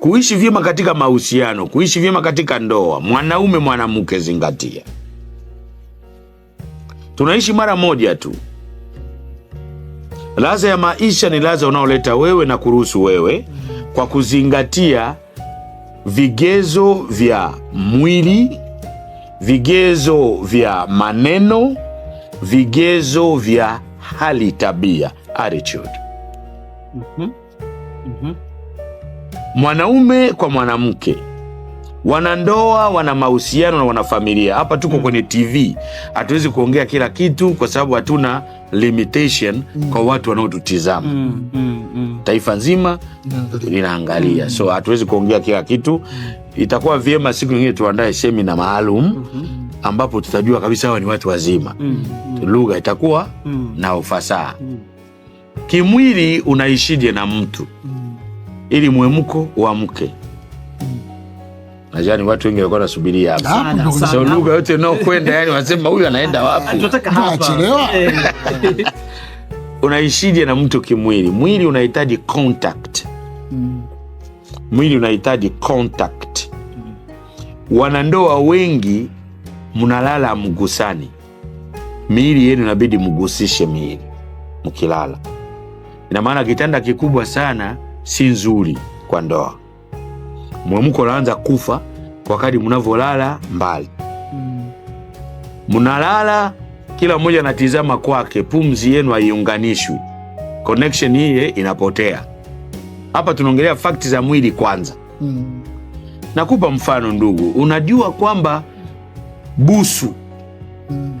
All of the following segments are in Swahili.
kuishi vyema katika mahusiano, kuishi vyema katika ndoa, mwanaume mwanamke, zingatia, tunaishi mara moja tu. Laza ya maisha ni laza unaoleta wewe na kuruhusu wewe, kwa kuzingatia vigezo vya mwili, vigezo vya maneno, vigezo vya hali, tabia, attitude. mm -hmm. Mm -hmm mwanaume kwa mwanamke, wanandoa, wana mahusiano na wanafamilia. Hapa tuko mm. kwenye TV, hatuwezi kuongea kila kitu kwa sababu hatuna limitation mm. kwa watu wanaotutizama mm. mm. mm. taifa nzima mm. linaangalia mm. so hatuwezi kuongea kila kitu. Mm. Itakuwa vyema siku nyingine tuandae semina maalum mm -hmm ambapo tutajua kabisa hawa ni watu wazima mm, mm. Lugha itakuwa mm. na ufasaha mm. Kimwili unaishije na mtu mm ili mwemko uamke. Najani watu wengi walikuwa wanasubiria hapa. Sasa lugha yote kwenda yani wanasema huyu anaenda wapi? Tunataka hapa. Eh. Unaishije na mtu kimwili? Mwili unahitaji contact. Mm. Mwili unahitaji contact. Mm. Wanandoa wengi mnalala mgusani, miili yenu inabidi mgusishe miili mkilala. Ina maana kitanda kikubwa sana si nzuri kwa ndoa. Mwamko unaanza kufa wakati mnavyolala mbali, mm. mnalala kila mmoja anatizama kwake, pumzi yenu haiunganishwi, connection hii inapotea. Hapa tunaongelea fakti za mwili kwanza. Mm. Nakupa mfano ndugu, unajua kwamba busu mm,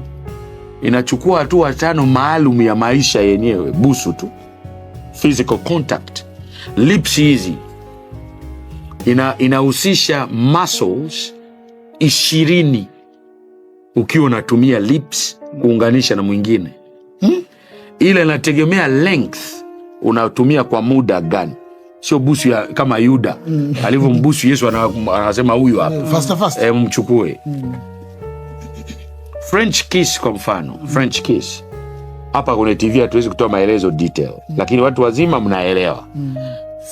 inachukua hatua tano maalum ya maisha yenyewe. Busu tu, physical contact Lips hizi inahusisha muscles ishirini ukiwa unatumia lips kuunganisha na mwingine hmm? Ila inategemea length unatumia kwa muda gani, sio busu ya kama Yuda mm. mbusu Yesu, anasema huyu hapa e, mchukue mm. French kiss kwa mfano, French kiss hapa kwenye TV hatuwezi kutoa maelezo detail mm. Lakini watu wazima mnaelewa mm.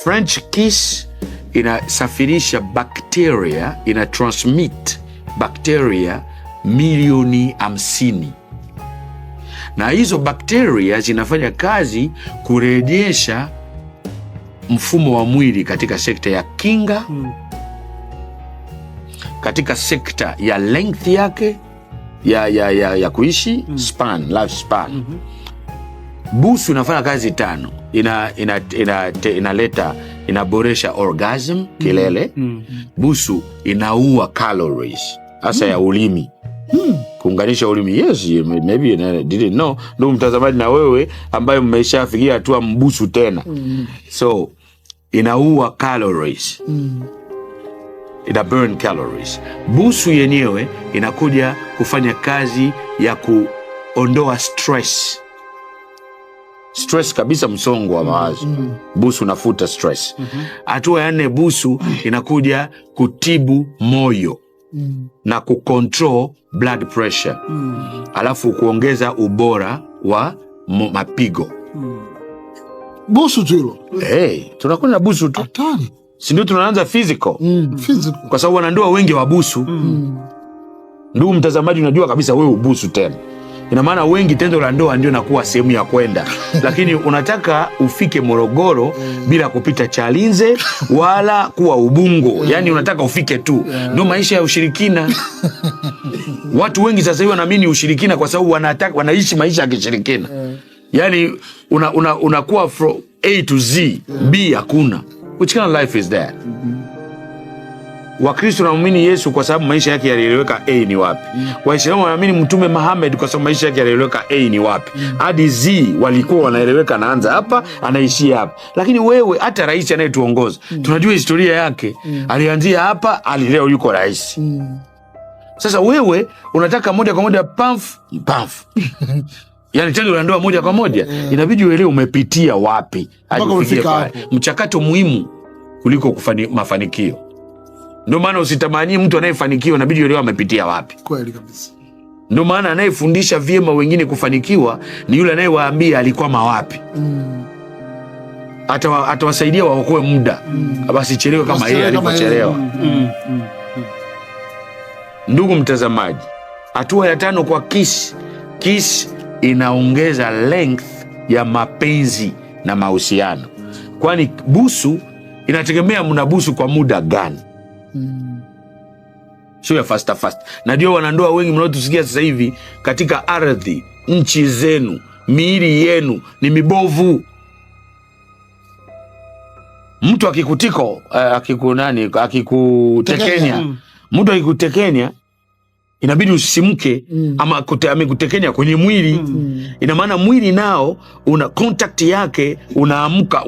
French kiss inasafirisha bakteria, ina transmit bakteria milioni hamsini na hizo bakteria zinafanya kazi kurejesha mfumo wa mwili katika sekta ya kinga mm. katika sekta ya length yake ya, ya, ya, ya kuishi mm. span, life span. Mm -hmm. Busu inafanya kazi tano, inaleta ina, ina, ina inaboresha orgasm mm-hmm. kilele. mm -hmm. Busu inaua calories hasa mm -hmm. ya mm-hmm. ulimi Hmm. Kuunganisha ulimi yes, maybe didn't know. Ndugu mtazamaji, na wewe ambaye mmeshafikia hatua mbusu tena, hmm. so inaua calories hmm ina burn calories. Busu yenyewe inakuja kufanya kazi ya kuondoa stress stress kabisa, msongo wa mawazo mm -hmm. Busu unafuta stress mm-hmm. hatua mm -hmm. ya nne, busu inakuja kutibu moyo mm -hmm. na kucontrol blood pressure mm -hmm. alafu kuongeza ubora wa mapigo mm -hmm. busu tu hilo hey, tunakwenda busu tu hatari sindio tunaanza physical mm. kwa sababu wanandoa wengi wabusu mm. Ndugu mtazamaji, unajua kabisa wewe ubusu tena, ina maana wengi tendo la ndoa ndio nakuwa sehemu ya kwenda, lakini unataka ufike Morogoro bila kupita Chalinze wala kuwa Ubungo, mm. yani unataka ufike tu, ndio maisha ya ushirikina. Watu wengi sasa hivi wanaamini ushirikina kwa sababu wanataka wanaishi maisha ya kishirikina, yani unakuwa una, una from A to Z, B hakuna Which kind of life is that? Mm -hmm. Wakristo wanaamini Yesu kwa sababu maisha yake yalieleweka A ni wapi. Mm -hmm. Waislamu wanaamini Mtume Muhammad kwa sababu maisha yake yalieleweka A ni wapi. Mm-hmm. Hadi mm -hmm. Z walikuwa wanaeleweka anaanza hapa, mm-hmm. anaishia hapa. Lakini wewe hata rais anayetuongoza, mm -hmm. tunajua historia yake. Mm -hmm. Alianzia hapa, alileo yuko rais. Mm-hmm. Sasa wewe unataka moja kwa moja pamf pamf yani tendo la ndoa moja kwa moja, inabidi uelewe umepitia wapi, mchakato muhimu kuliko kufani, mafanikio. Ndio maana usitamani mtu anayefanikiwa, inabidi uelewa amepitia wapi. Kweli kabisa. Ndio maana anayefundisha vyema wengine kufanikiwa ni yule anayewaambia alikwama wapi. mm. Atawasaidia wa, waokoe muda mm. Basichelewe kama yeye alivyochelewa. Mm. Mm. Mm. Ndugu mtazamaji, hatua ya tano kwa Kiss. Kiss inaongeza length ya mapenzi na mahusiano, kwani busu inategemea mnabusu kwa muda gani. mm. Sio ya fasta fasta, Najua wanandoa wengi mnaotusikia sasa hivi katika ardhi, nchi zenu, miili yenu ni mibovu. Mtu akikutiko eh, akikunani akikutekenya mtu akikutekenya inabidi usisimke mm. ama kute, amekutekenya kwenye mwili mm. ina maana mwili nao una contact yake, unaamka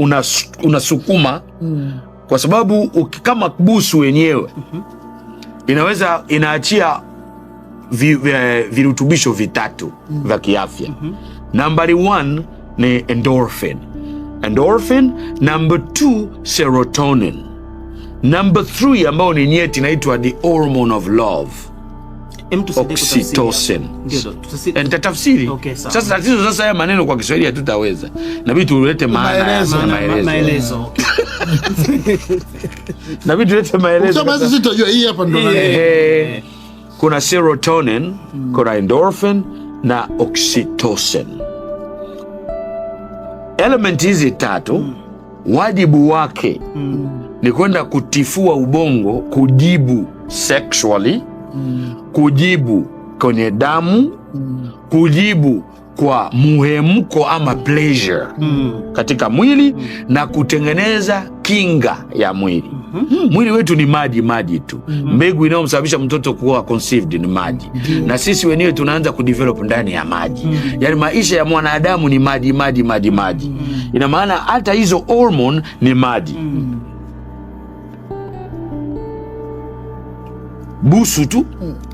unasukuma una mm. kwa sababu kama busu wenyewe mm-hmm. inaweza inaachia vi, vi, virutubisho vitatu mm. vya kiafya mm -hmm. nambari one ni endorphin endorphin, number two serotonin, number three ambayo ni nyeti inaitwa the hormone of love oxytocin. Eh, nitatafsiri Sasa tatizo sasa, haya maneno kwa Kiswahili hatutaweza, nabidi tulete maana maelezo, maelezo. nabidi tulete maelezo eh. kuna serotonin mm. kuna endorphin na oxytocin. element hizi tatu mm. wajibu wake mm. ni kwenda kutifua ubongo kujibu sexually kujibu kwenye damu kujibu kwa muhemko ama pleasure katika mwili na kutengeneza kinga ya mwili Mwili wetu ni maji maji tu Mbegu inayomsababisha mtoto kuwa conceived ni maji Na sisi wenyewe tunaanza kudevelop ndani ya maji yani Yaani maisha ya mwanadamu ni maji maji maji maji Ina maana hata hizo hormone ni maji busu tu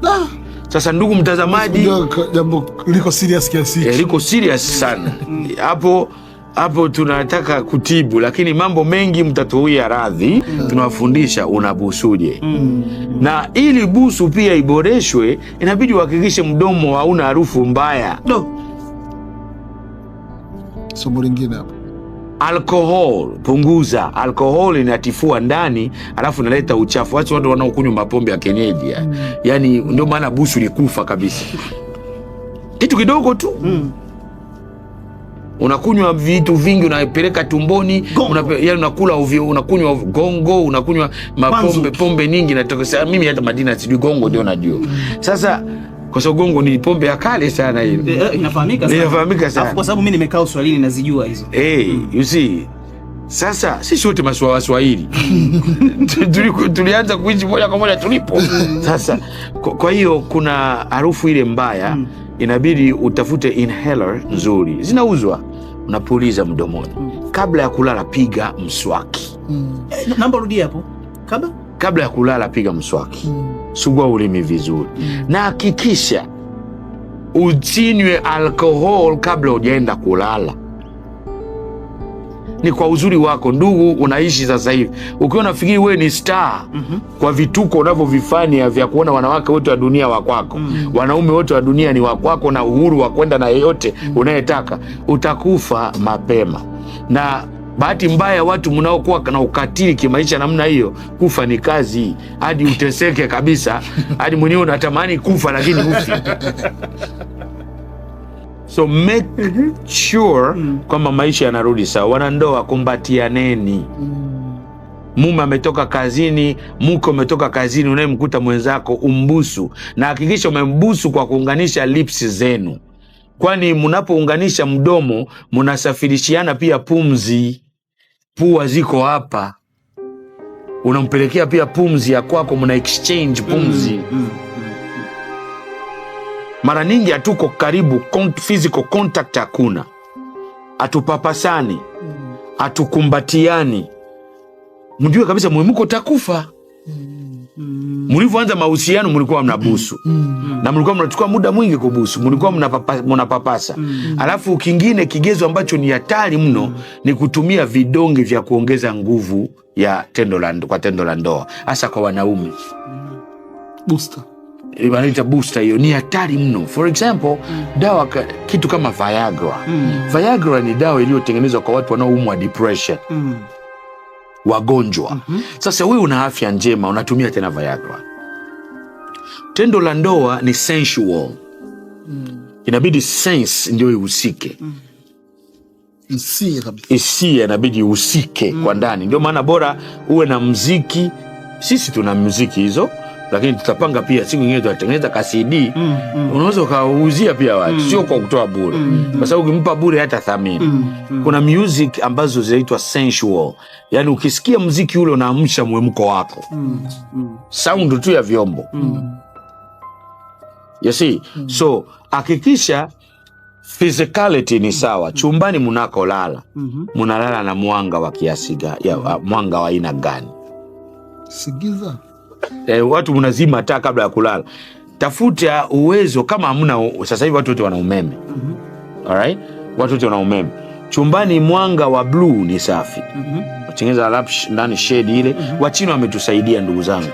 nah. Mm. Sasa ndugu mtazamaji, jambo liko serious kiasi hicho, eh, liko serious sana mm. hapo hapo tunataka kutibu, lakini mambo mengi mtatuia radhi mm. Tunawafundisha unabusuje mm. mm. Na ili busu pia iboreshwe, inabidi uhakikishe mdomo hauna harufu mbaya. No. Somo lingine hapo alkohol, punguza. Alkohol inatifua ndani, alafu inaleta uchafu. Wacha watu wanaokunywa mapombe ya kienyeji eh. mm. ya. Yani ndio maana busu likufa kabisa, kitu kidogo tu mm. Unakunywa vitu vingi, unapeleka tumboni, yani unakula ovyo, unakunywa gongo, unakunywa mapombe pombe nyingi. Natokea mimi hata Madina sijui gongo ndio najua mm. sasa kwa sababu gongo ni pombe ya kale sana hiyo. Eh, eh, inafahamika sana. Inafahamika sana. Kwa sababu mimi nimekaa Uswahilini nazijua hizo. Eh, hmm. you see. Sasa sisi wote maswa Waswahili tulianza kuishi moja kwa moja tulipo. Hmm. Sasa kwa hiyo kuna harufu ile mbaya mm. Inabidi utafute inhaler nzuri, zinauzwa, unapuliza mdomoni mm. Kabla ya kulala piga mswaki mm. Eh, namba rudia hapo kabla kabla ya kulala piga mswaki, sugua ulimi vizuri, na hakikisha usinywe alkohol kabla hujaenda kulala. Ni kwa uzuri wako ndugu, unaishi sasa hivi ukiwa nafikiri wewe ni star mm -hmm. kwa vituko unavyovifanya vya kuona wanawake wote wa dunia wakwako mm -hmm. wanaume wote wa dunia ni wakwako na uhuru wa kwenda na yeyote mm -hmm. unayetaka, utakufa mapema na Bahati mbaya watu mnaokuwa na ukatili kimaisha namna hiyo, kufa ni kazi, hadi uteseke kabisa, hadi mwenyewe unatamani kufa lakini ufi. So make sure mm-hmm. mm. kwamba maisha yanarudi sawa. Wanandoa, kumbatianeni. Mm. Mume ametoka kazini, mke umetoka kazini, unayemkuta mwenzako umbusu, na hakikisha umembusu kwa kuunganisha lips zenu, kwani mnapounganisha mdomo mnasafirishiana pia pumzi pua ziko hapa, unampelekea pia pumzi ya kwako, mna exchange mm, pumzi. Mm, mm, Mara nyingi hatuko karibu, physical contact hakuna, hatupapasani, hatukumbatiani. Mjue kabisa mwimuko takufa mlivyoanza mahusiano mlikuwa mnabusu mm. mm. na mlikuwa mnachukua muda mwingi kubusu, mlikuwa mnapapasa mm. alafu kingine kigezo ambacho ni hatari mno mm. ni kutumia vidonge vya kuongeza nguvu ya tendo la, kwa tendo la ndoa hasa kwa wanaume mm. booster eh, wanaita booster, hiyo ni hatari mno. For example mm. dawa kitu kama Viagra mm. Viagra ni dawa iliyotengenezwa kwa watu wanaoumwa depression mm wagonjwa mm -hmm. Sasa wewe una afya njema unatumia tena Viagra. Tendo la ndoa ni sensual mm. Inabidi sense ndio ihusike mm. inabidi ihusike mm. kwa ndani, ndio maana bora uwe na mziki. Sisi tuna mziki hizo lakini tutapanga pia siku nyingine tutatengeneza CD mm, mm. Unaweza ukauzia pia watu mm. Sio kwa kutoa bure mm, mm, kwa sababu ukimpa bure hata thamini mm, mm. Kuna music ambazo zinaitwa sensual, yani ukisikia mziki ule unaamsha mwemko wako mm, mm. Sound tu ya vyombo mm. see mm. So hakikisha physicality ni sawa mm. chumbani munakolala mm -hmm. Munalala na mwanga wa kiasi gani? Mwanga wa aina gani? Sikiza eh, watu mnazima taa kabla ya kulala. Tafuta uwezo kama hamna. Sasa hivi watu wote wana umeme mm -hmm. Alright, watu wote wana umeme chumbani, mwanga wa bluu ni safi mm -hmm. Wachengeza ndani shade ile mm -hmm. Wachina wametusaidia ndugu zangu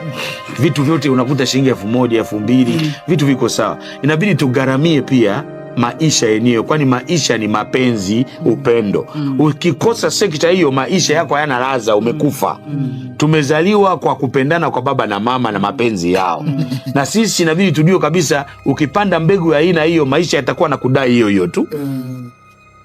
vitu vyote unakuta shilingi elfu moja elfu mbili mm -hmm. Vitu viko sawa, inabidi tugaramie pia maisha yenyewe, kwani maisha ni mapenzi, upendo. mm. Ukikosa sekta hiyo, maisha yako hayana raza umekufa. Mm. mm. Tumezaliwa kwa kupendana kwa baba na mama na mapenzi yao. Mm. Na sisi inabidi tujue kabisa, ukipanda mbegu ya aina hiyo, maisha yatakuwa na kudai hiyo hiyo tu. mm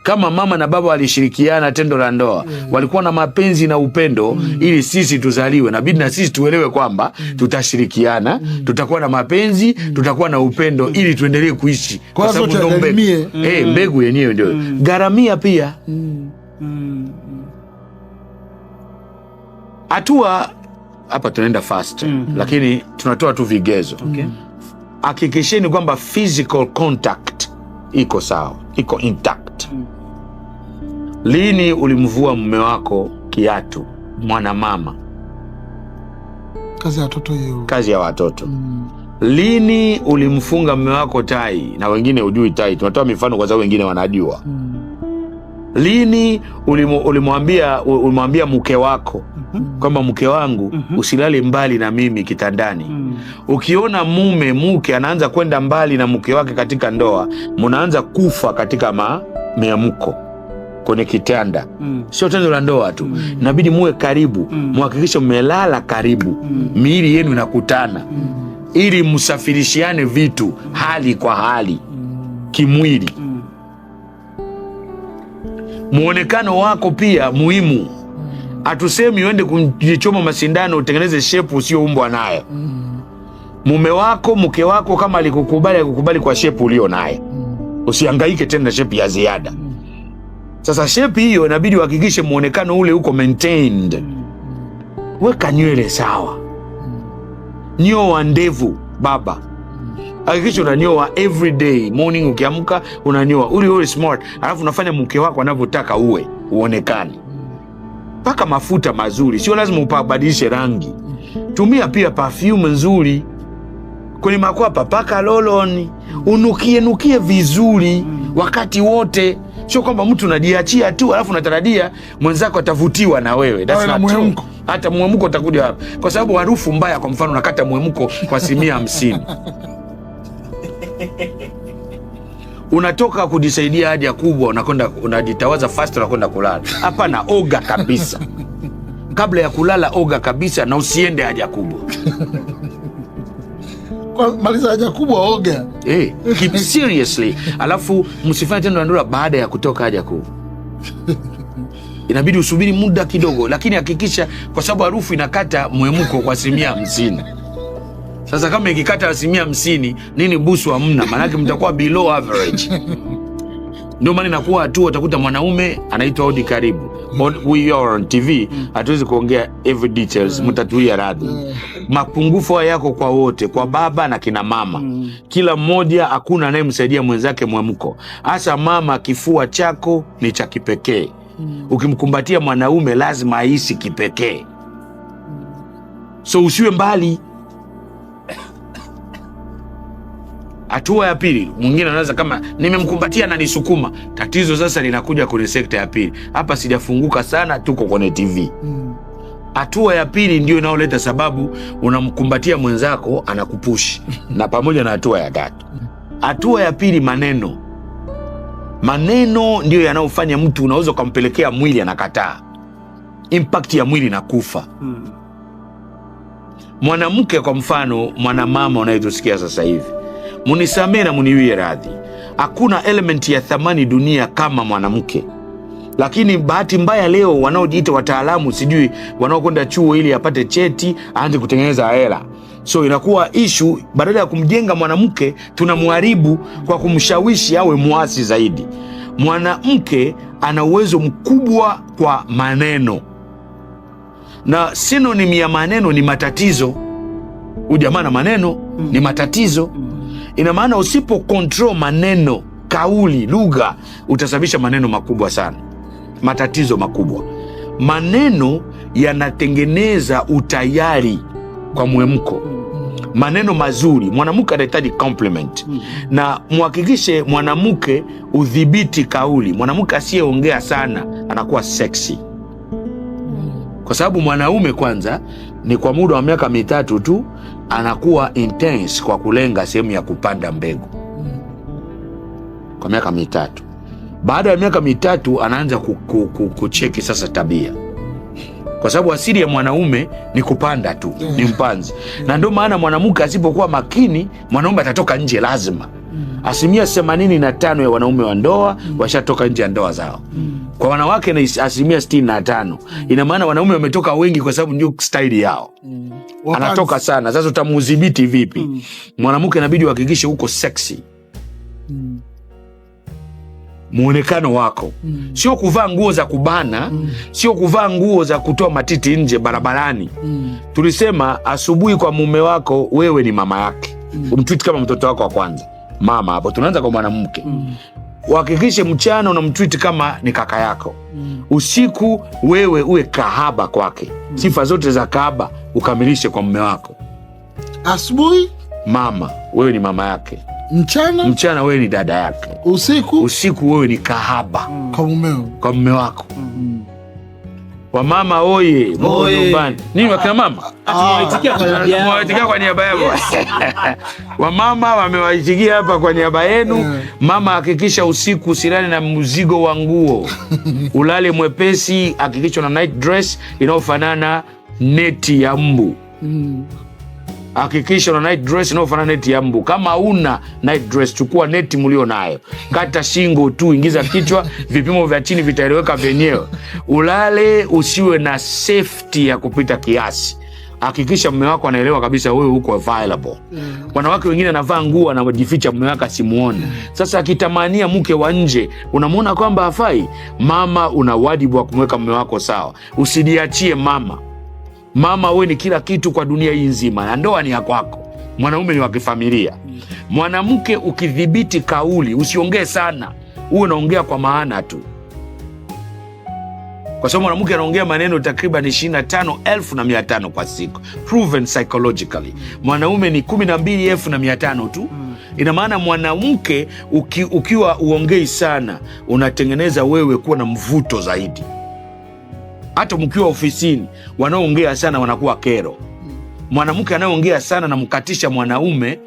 kama mama na baba walishirikiana tendo la ndoa mm. walikuwa na mapenzi na upendo mm. ili sisi tuzaliwe, nabidi na sisi tuelewe kwamba mm. tutashirikiana mm. tutakuwa na mapenzi mm. tutakuwa na upendo mm. ili tuendelee kuishi, kwa sababu ndo mbegu eh, mm. hey, mbegu yenyewe ndio mm. gharamia pia mm. Mm. hatua hapa tunaenda fast mm. lakini tunatoa tu vigezo okay. kwamba physical contact iko sawa, iko intact mm. Lini ulimvua mume wako kiatu, mwanamama? Kazi ya watoto hiyo, kazi ya watoto mm. Lini ulimfunga mume wako tai? Na wengine hujui tai, tunatoa mifano kwa sababu wengine wanajua mm. Lini ulimwambia ulimwambia mke wako mhm. kwamba mke wangu mm -hmm. usilale mbali na mimi kitandani mm. Ukiona mume mke anaanza kwenda mbali na mke wake katika ndoa, munaanza kufa katika mm kwenye kitanda mm. Sio tendo la ndoa tu mm. Inabidi muwe karibu mm. Muhakikishe mmelala karibu mm. Miili yenu inakutana mm. Ili msafirishiane vitu mm. hali kwa hali mm. kimwili mm. Muonekano wako pia muhimu. Mm. Hatusemi uende kujichoma masindano utengeneze shepu usioumbwa nayo mm. Mume wako mke wako kama alikukubali, akukubali kwa shepu ulio naye, usiangaike tena shepu ya ziada. Sasa shepi hiyo inabidi uhakikishe mwonekano ule uko maintained. Weka nywele sawa, nyoa ndevu baba, hakikisha unanyoa every day morning. Ukiamka unanyoa uli uli smart, alafu unafanya mke wako anavyotaka uwe uonekane. Paka mafuta mazuri, sio lazima upabadilishe rangi. Tumia pia perfume nzuri kwenye makwapa, paka loloni, unukie nukie vizuri wakati wote. Sio kwamba mtu unajiachia tu alafu unatarajia mwenzako atavutiwa na wewe. Hata mwemko utakuja hapa, kwa sababu harufu mbaya, kwa mfano, unakata mwemko kwa asilimia hamsini unatoka kujisaidia haja kubwa, unakwenda unajitawaza fast, unakwenda kulala. Hapana, oga kabisa kabla ya kulala, oga kabisa, na usiende haja kubwa kwa maliza haja kubwa oga. Hey, eh, keep seriously. Alafu msifanye tendo la ndoa baada ya kutoka haja kubwa. Inabidi usubiri muda kidogo, lakini hakikisha, kwa sababu harufu inakata mwemko kwa asilimia hamsini. Sasa kama ikikata asilimia hamsini, nini busu hamna, maanake mtakuwa below average. Ndio maana inakuwa tu utakuta mwanaume anaitwa Audi karibu mm. on, we are on TV, mm. hatuwezi kuongea every details, mm. mtatuia radhi. Mapungufu haya yako kwa wote, kwa baba na kina mama, kila mmoja, hakuna anayemsaidia mwenzake mwamko, hasa mama. Kifua chako ni cha kipekee, ukimkumbatia mwanaume lazima ahisi kipekee, so usiwe mbali. Hatua ya pili, mwingine anaweza kama nimemkumbatia na nisukuma. Tatizo sasa linakuja kwenye sekta ya pili. Hapa sijafunguka sana, tuko kwenye TV. Hmm. Hatua ya pili ndio inaoleta sababu, unamkumbatia mwenzako anakupushi na pamoja na hatua ya tatu. Hatua ya pili, maneno. Maneno ndiyo yanayofanya mtu, unaweza ukampelekea mwili anakataa, impact ya mwili na kufa. Hmm. Mwanamke kwa mfano, mwanamama unayetusikia sasa hivi munisamee na muniwie radhi. Hakuna elementi ya thamani dunia kama mwanamke, lakini bahati mbaya leo wanaojiita wataalamu, sijui wanaokwenda chuo ili apate cheti, aanze kutengeneza hela So inakuwa ishu, badala ya kumjenga mwanamke tunamharibu kwa kumshawishi awe mwasi zaidi. Mwanamke ana uwezo mkubwa kwa maneno, na sinonim ya maneno ni matatizo. Ujamaa na maneno ni matatizo. Mm. Ina maana usipo control maneno, kauli, lugha, utasababisha maneno makubwa sana, matatizo makubwa. Maneno yanatengeneza utayari kwa mwemko. Maneno mazuri, mwanamke anahitaji compliment, na mhakikishe mwanamke udhibiti kauli. Mwanamke asiyeongea sana anakuwa sexy, kwa sababu mwanaume kwanza ni kwa muda wa miaka mitatu tu anakuwa intense kwa kulenga sehemu ya kupanda mbegu hmm. kwa miaka mitatu. Baada ya miaka mitatu anaanza kucheki sasa tabia, kwa sababu asili ya mwanaume ni kupanda tu, ni hmm. mpanzi, na ndio maana mwanamke asipokuwa makini, mwanaume atatoka nje lazima. Mm. asilimia themanini na tano ya wanaume wa ndoa mm. washatoka nje ya ndoa zao mm. kwa wanawake na asilimia sitini na tano mm. ina maana wanaume wametoka wengi kwa sababu ndio staili yao mm. anatoka sana. Sasa utamudhibiti vipi? mm. mwanamke inabidi uhakikishe huko seksi mm muonekano wako mm. sio kuvaa nguo za kubana mm. sio kuvaa nguo za kutoa matiti nje barabarani mm. tulisema asubuhi kwa mume wako, wewe ni mama yake mm. umtwiti kama mtoto wako wa kwanza mama hapo, tunaanza kwa mwanamke mm. Uhakikishe mchana unamtwiti kama ni kaka yako mm. Usiku wewe uwe kahaba kwake mm. Sifa zote za kahaba ukamilishe kwa mume wako. Asubuhi mama, wewe ni mama yake. Mchana mchana wewe ni dada yake. Usiku usiku wewe ni kahaba mm. kwa mume wako mm. Wamama oye! Nyumbani nini? Wakina mama tumewaitikia ah. kwa niaba yao. Wamama wamewaitikia hapa kwa niaba yenu. Eh. Mama, hakikisha usiku usilale na mzigo wa nguo, ulale mwepesi. Hakikisha na night dress inayofanana neti ya mbu. Mm hakikisha una night dress inayofanana neti ya mbu. Kama una night dress, chukua neti mlio nayo, kata shingo tu, ingiza kichwa, vipimo vya chini vitaeleweka vyenyewe. Ulale usiwe na safety ya kupita kiasi. Hakikisha mume wako anaelewa kabisa wewe uko available. Mm. Wanawake wengine anavaa nguo anajificha mume wake asimuone. Mm. Sasa akitamania mke wa nje, unamwona kwamba hafai. Mama, una wajibu wa kumweka mume wako sawa. Usijiachie mama. Mama we ni kila kitu kwa dunia hii nzima, na ndoa ni ya kwako. Mwanaume ni wa kifamilia. Mwanamke ukidhibiti kauli, usiongee sana, uwe unaongea kwa maana tu, kwa sababu mwanamke anaongea maneno takriban ishirini na tano elfu na mia tano kwa siku, proven psychologically. Mwanaume ni kumi na mbili elfu na mia tano tu. Hmm. Ina maana mwanamke uki, ukiwa uongei sana, unatengeneza wewe kuwa na mvuto zaidi hata mkiwa ofisini, wanaoongea sana wanakuwa kero. Mwanamke anayeongea sana namkatisha mwanaume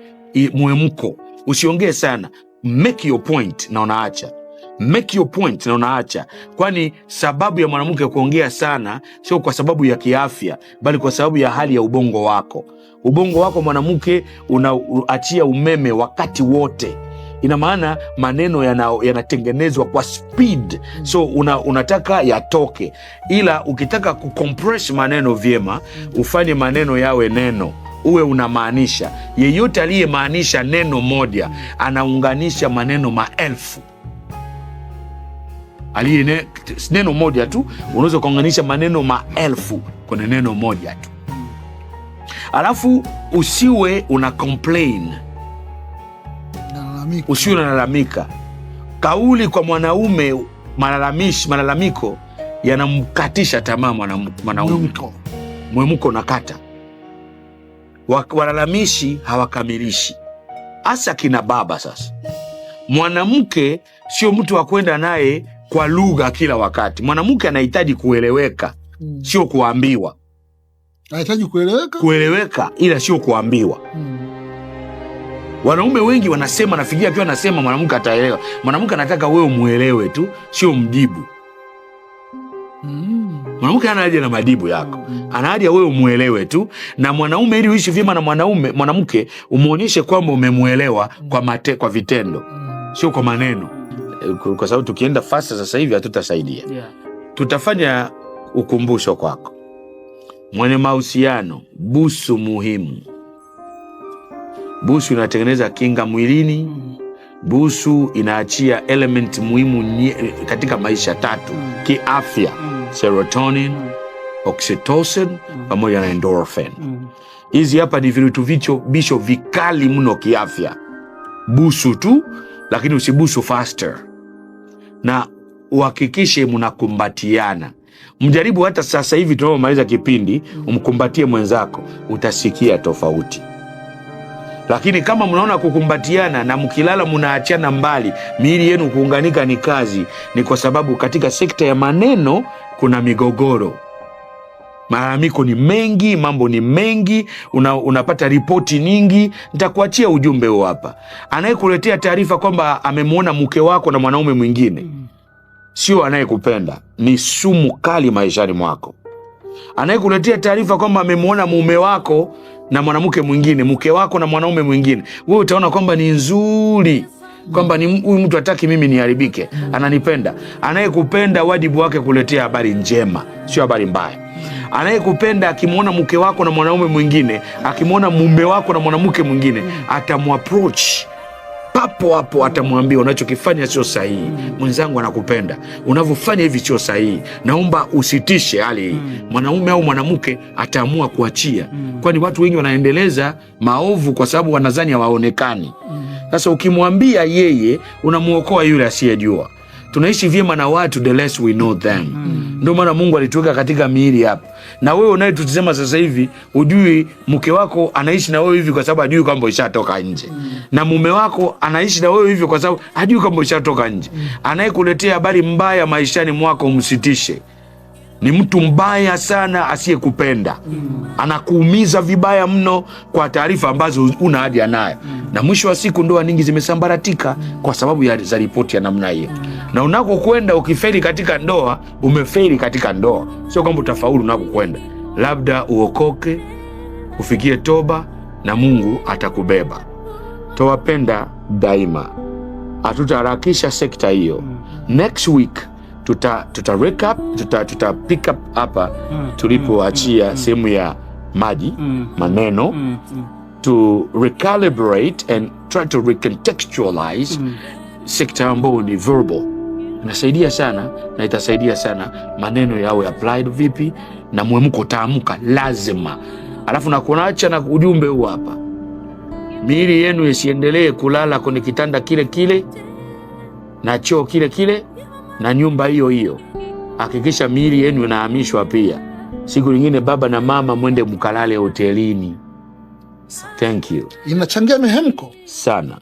mwemko. Usiongee sana, make your point na unaacha make your point na unaacha, kwani sababu ya mwanamke kuongea sana sio kwa sababu ya kiafya, bali kwa sababu ya hali ya ubongo wako. Ubongo wako mwanamke unaachia umeme wakati wote. Ina maana maneno yanatengenezwa yana kwa speed, mm. so una, unataka yatoke, ila ukitaka kucompress maneno vyema, ufanye maneno yawe neno uwe unamaanisha. Yeyote aliyemaanisha neno moja anaunganisha maneno maelfu aliye ne, neno moja tu unaweza ukaunganisha maneno maelfu kwenye neno moja tu, mm. alafu usiwe una complain usiwe unalalamika. Kauli kwa mwanaume, malalamishi, malalamiko yanamkatisha tamaa mwanaume, mwemko nakata. Walalamishi hawakamilishi, hasa kina baba. Sasa mwanamke sio mtu wa kwenda naye kwa lugha kila wakati. Mwanamke anahitaji kueleweka, hmm. sio kuambiwa. Anahitaji kueleweka, kueleweka ila sio kuambiwa. hmm. Wanaume wengi wanasema, nafikiria akiwa anasema mwanamke ataelewa. Mwanamke anataka wewe umwelewe tu, sio mjibu. Mm. Mwanamke ana haja na majibu yako, mm. ana haja wewe umwelewe tu. Na mwanaume, ili uishi vyema na mwanaume, mwanamke umwonyeshe kwamba umemwelewa kwa mate, kwa vitendo, mm. sio kwa maneno, eh, kwa sababu tukienda fasta sasa hivi hatutasaidia. Yeah. Tutafanya ukumbusho kwako, mwenye mahusiano, busu muhimu Busu inatengeneza kinga mwilini. Mm-hmm. Busu inaachia element muhimu nye, katika maisha tatu mm-hmm. kiafya, mm-hmm. serotonin, oxytocin pamoja na endorphin. Hizi hapa ni bisho vikali mno kiafya. Busu tu, lakini usibusu faster, na uhakikishe mnakumbatiana. Mjaribu hata sasa hivi tunavyomaliza kipindi, umkumbatie mwenzako, utasikia tofauti lakini kama mnaona kukumbatiana na mkilala munaachana mbali, miili yenu kuunganika ni kazi, ni kwa sababu katika sekta ya maneno kuna migogoro, malalamiko ni mengi, mambo ni mengi, una, unapata ripoti nyingi. Nitakuachia ujumbe huo hapa. Anayekuletea taarifa kwamba amemwona mke wako na mwanaume mwingine sio anayekupenda, ni sumu kali maishani mwako. Anayekuletea taarifa kwamba amemwona mume wako na mwanamke mwingine, mke wako na mwanaume mwingine, wewe utaona kwamba ni nzuri kwamba huyu mtu hataki mimi niharibike, ananipenda. Anayekupenda wajibu wake kuletea habari njema, sio habari mbaya. Anayekupenda akimwona mke wako na mwanaume mwingine, akimwona mume wako na mwanamke mwingine, atamwaprochi papo hapo atamwambia unachokifanya sio sahihi. Mwenzangu anakupenda, unavyofanya hivi sio sahihi, naomba usitishe hali hii. Mm. Mwanaume au mwanamke ataamua kuachia, mm. kwani watu wengi wanaendeleza maovu kwa sababu wanadhani hawaonekani. Mm. Sasa ukimwambia yeye, unamwokoa yule asiyejua tunaishi vyema na watu the less we know them mm. Ndio maana Mungu alituweka katika miili hapa, na wewe unayetutizama sasa hivi ujui mke wako anaishi na wewe hivi kwa sababu ajui kwamba ushatoka nje mm. na mume wako anaishi na wewe hivi kwa sababu ajui kwamba ushatoka nje mm. Anayekuletea habari mbaya maishani mwako msitishe ni mtu mbaya sana asiyekupenda, mm. anakuumiza vibaya mno kwa taarifa ambazo una hadi anayo, mm. na mwisho wa siku ndoa nyingi zimesambaratika mm. kwa sababu ya za ripoti ya namna hiyo. Na unakokwenda ukifeli katika ndoa, umefeli katika ndoa, sio kwamba utafaulu unakokwenda. Labda uokoke ufikie toba na Mungu atakubeba. towapenda daima, hatutaharakisha sekta hiyo. Next week tuta, tuta recap, tuta, tuta pick up hapa mm, tulipoachia mm, mm, mm. sehemu ya maji mm, mm, maneno mm, mm, to recalibrate and try to recontextualize mm, sekta ambayo ni verbal inasaidia sana na itasaidia sana maneno yawe applied vipi na mwemko taamka lazima, alafu na kunacha na ujumbe huu hapa, miili yenu isiendelee kulala kwenye kitanda kile kile na choo kile kile na nyumba hiyo hiyo. Hakikisha miili yenu inahamishwa pia. Siku nyingine, baba na mama, mwende mkalale hotelini. Thank you. Inachangia mihemko sana.